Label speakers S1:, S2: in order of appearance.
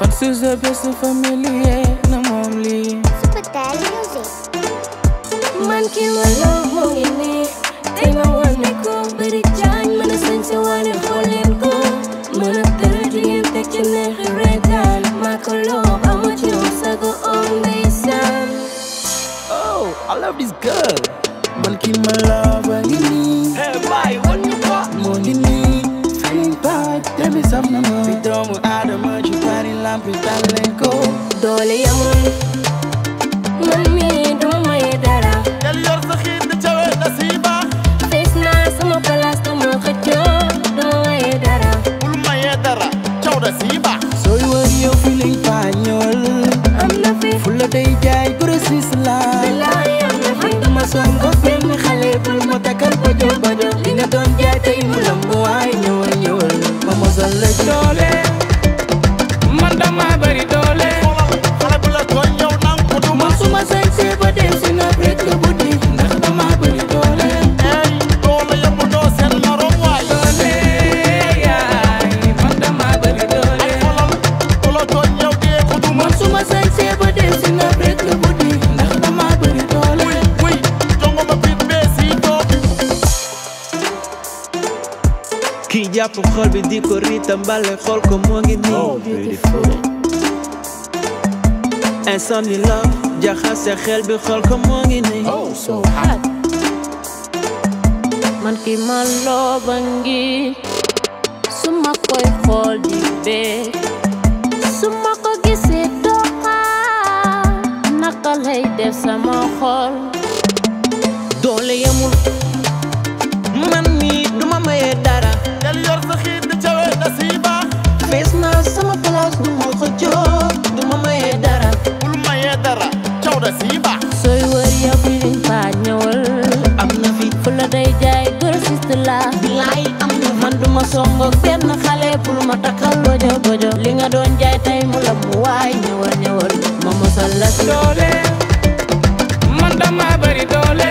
S1: Van Suze beste familie na Super Daddy Music
S2: Man ki wa love mo ngini ma wan ne ko beri jang Mana sense wane holen ko Mana tere dingin te kene hiretan Ma ko amo chino sago on Oh, I love this girl Man ki ma Hey, bye, one
S1: ni saf na ma si doomu aadama ju bari lampi
S2: taal leen ko doole yamul man mi duma may dara del yor sa xiit di cawe nasiiba fees naa sama place dama xëccoo
S1: duma maye dara bul maye dara caw nasiiba sooy wër yow fi lay paañool am na fi fu la day jaay grossiste la dama songo benn xale bul ma takkal כי יפו חול בדיוק אורית בא לאכול כמו הגנים And sunny love, יחס יחל בחול כמו הגנים
S2: Oh, so hot Manki malo bangi Suma koy hol di be Suma ko gisi doka Nakal hay def sama hol Dole yamul ma songo kenn xale bul ma takkal bojo bojo li nga doon jaay tey mu la mu waay ñëwal ñëwal ma mosal la doole man dama
S1: bari doole